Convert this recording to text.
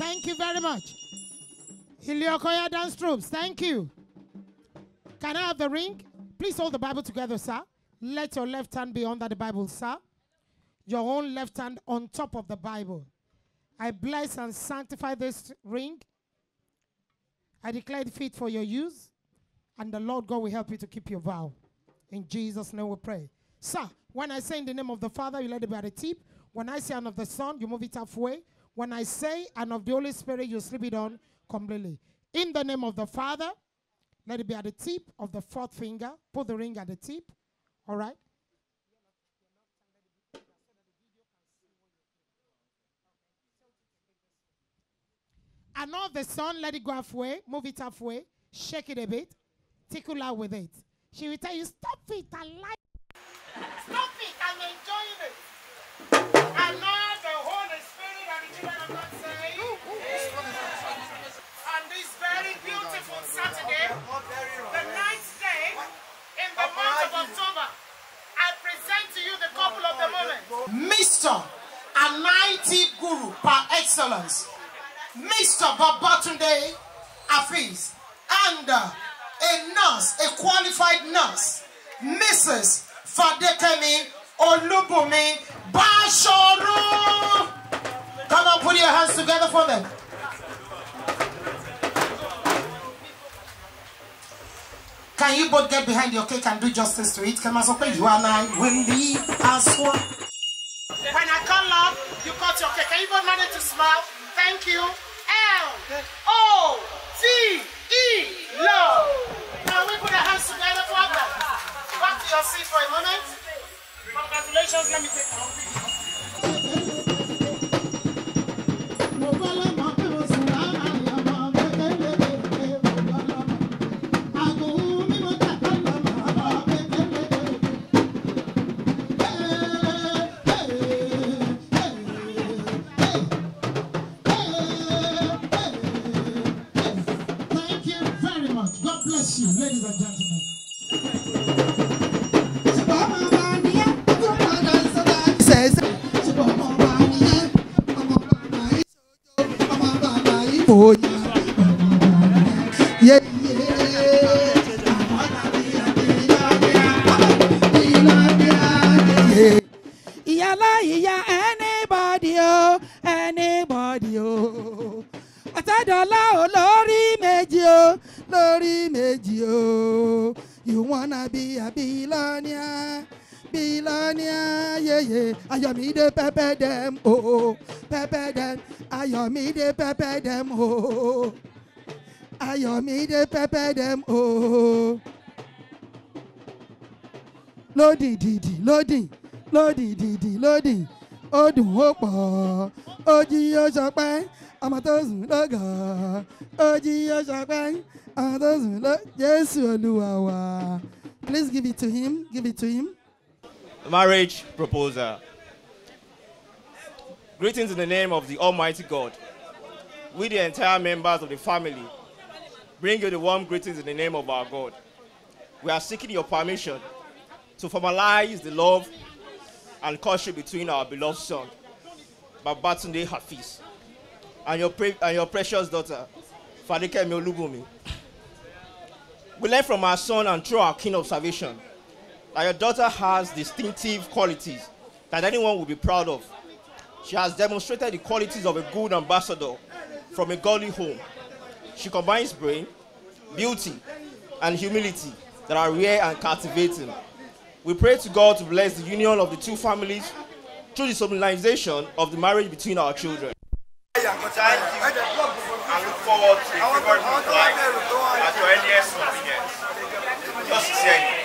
Thank you very much. Iliokoya dance troops, thank you. Can I have the ring? Please hold the Bible together, sir. Let your left hand be under the Bible, sir. Your own left hand on top of the Bible. I bless and sanctify this ring. I declare it fit for your use, and the Lord God will help you to keep your vow. In Jesus' name we pray. Sir, when I say in the name of the Father, you let it be at the tip. When I say and of the Son, you move it halfway. When I say, and of the Holy Spirit, you slip it on completely. In the name of the Father, let it be at the tip of the fourth finger. Put the ring at the tip. All right? And of the sun, let it go halfway. Move it halfway. Shake it a bit. Tickle lot with it. She will tell you, stop it. I like Stop it. The ninth day in the month of October, I present to you the couple of the moment. Mr. Anaiti Guru par excellence, Mr. Babatunde Afiz, and uh, a nurse, a qualified nurse, Mrs. Fadekemi Olubumi Bashoru. Come on, put your hands together for them. Can you both get behind your cake and do justice to it? Can I say you and I will be as one? When I call up, you cut your cake. Can you both manage to smile? Thank you. L O T E love. Now we put our hands together for that. Back to your seat for a moment. Congratulations. Let me take anybody o. Oh, oh. Ọ̀tádọ́lá olórí méjì o. Oh lórí méjì o. You wanna be a billionaire, billionaire, yeah, yeah. Ayọ̀mídé pẹ́pẹ́ dẹ́m o, pẹ́pẹ́ dẹ́m, Ayọ̀mídé pẹ́pẹ́ dẹ́m o. Ayọ̀mídé pẹ́pẹ́ dẹ́m o. Lódì dìdì lódì lódì dìdì lódì ó dùn ó pọ̀ ó jí ó sọ pé. amatọ́sùn lọ́gàn ojì ọ̀ṣọ́pẹ́ amatọ́sùn lọ́ jésù olúwa wa please give it to him give it to him. marriage proposal greetings in the name of the almighty god we the entire members of the family bring you the warm greetings in the name of our god we are seeking your permission to formalize the love and courtship between our beloved son Babatunde Hafiz and your, pre- and your precious daughter, Fadikemi Miolubumi. We learn from our son and through our keen observation that your daughter has distinctive qualities that anyone will be proud of. She has demonstrated the qualities of a good ambassador from a godly home. She combines brain, beauty, and humility that are rare and captivating. We pray to God to bless the union of the two families through the solemnization of the marriage between our children. I look forward to a favorable at your earliest convenience. Just saying.